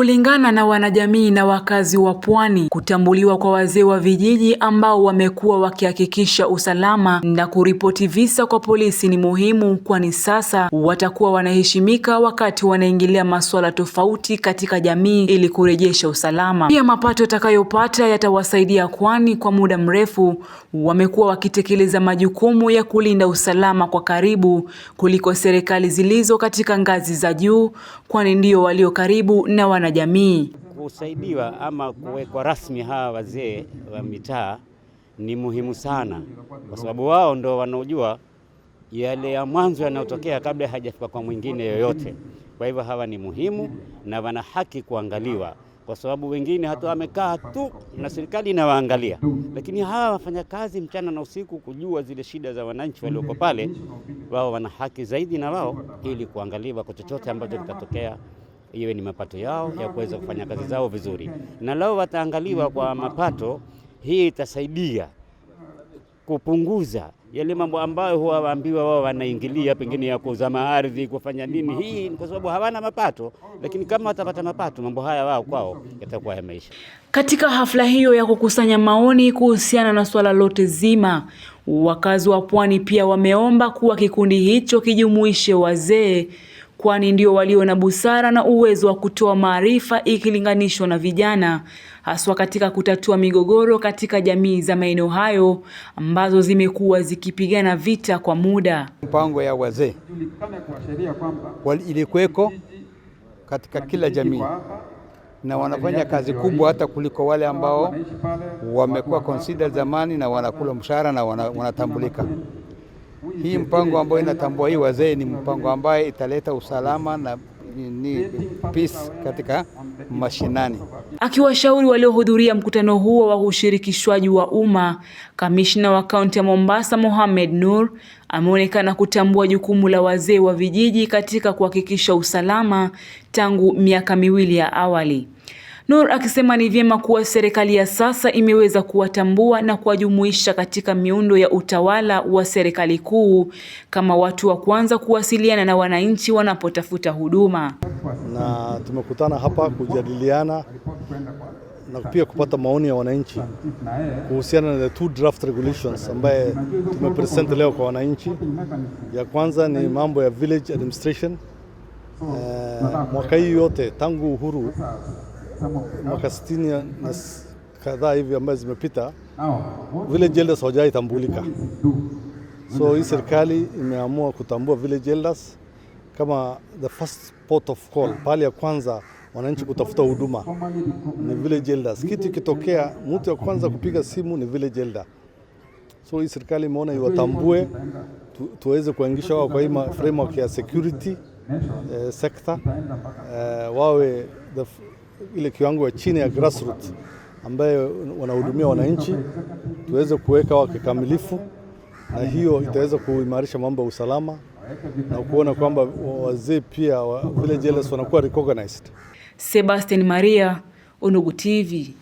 Kulingana na wanajamii na wakazi wa Pwani, kutambuliwa kwa wazee wa vijiji ambao wamekuwa wakihakikisha usalama na kuripoti visa kwa polisi ni muhimu, kwani sasa watakuwa wanaheshimika wakati wanaingilia masuala tofauti katika jamii ili kurejesha usalama. Pia mapato yatakayopata yatawasaidia, kwani kwa muda mrefu wamekuwa wakitekeleza majukumu ya kulinda usalama kwa karibu kuliko serikali zilizo katika ngazi za juu, kwani ndio walio karibu na wana na jamii. Kusaidiwa ama kuwekwa rasmi hawa wazee wa mitaa ni muhimu sana, kwa sababu wao ndo wanaojua yale ya mwanzo yanayotokea kabla hajafika kwa mwingine yoyote. Kwa hivyo hawa ni muhimu na wana haki kuangaliwa, kwa sababu wengine hata wamekaa tu na serikali inawaangalia, lakini hawa kazi mchana na usiku kujua zile shida za wananchi walioko pale, wao wana haki zaidi na wao, ili kuangaliwa kwa chochote ambacho kitatokea iwe ni mapato yao ya kuweza kufanya kazi zao vizuri, na lao wataangaliwa kwa mapato. Hii itasaidia kupunguza yale mambo ambayo huwa waambiwa wao wanaingilia pengine ya kuzama ardhi kufanya nini. Hii ni kwa sababu hawana mapato, lakini kama watapata mapato, mambo haya wao kwao yatakuwa maisha Katika hafla hiyo ya kukusanya maoni kuhusiana na suala lote zima, wakazi wa Pwani pia wameomba kuwa kikundi hicho kijumuishe wazee kwani ndio walio na busara na uwezo wa kutoa maarifa ikilinganishwa na vijana, haswa katika kutatua migogoro katika jamii za maeneo hayo ambazo zimekuwa zikipigana vita kwa muda. Mpango ya wazee ilikuweko katika kila jamii na wanafanya kazi kubwa hata kuliko wale ambao wamekuwa consider zamani na wanakula mshahara na wanatambulika. Hii mpango ambayo inatambua hii wazee ni mpango ambayo italeta usalama na ni peace katika mashinani. Akiwashauri waliohudhuria mkutano huo wa ushirikishwaji wa umma, kamishna wa kaunti ya Mombasa Mohamed Nur ameonekana kutambua jukumu la wazee wa vijiji katika kuhakikisha usalama tangu miaka miwili ya awali. Nur akisema ni vyema kuwa serikali ya sasa imeweza kuwatambua na kuwajumuisha katika miundo ya utawala wa serikali kuu kama watu wa kwanza kuwasiliana na wananchi wanapotafuta huduma. Na tumekutana hapa kujadiliana na pia kupata maoni ya wananchi kuhusiana na the two draft regulations ambaye tumepresent leo kwa wananchi. Ya kwanza ni mambo ya village administration. Eh, mwaka hii yote tangu uhuru mwaka sitini na kadhaa hivi ambayo zimepita, village elders hawajaitambulika. So hii serikali imeamua kutambua village elders kama the first port of call, pale ya kwanza wananchi kutafuta huduma ni village elders. Kitu ikitokea, mtu wa kwanza kupiga simu ni village elder. So hii serikali imeona iwatambue tu, tuweze kuangisha wao kwa hii framework ya security eh, sector eh, wawe the ile kiwango ya chini ya grassroots ambayo wanahudumia wananchi tuweze kuweka wa kikamilifu, na hiyo itaweza kuimarisha mambo ya usalama na kuona kwamba wazee pia wa village elders wanakuwa recognized. Sebastian Maria, Undugu TV.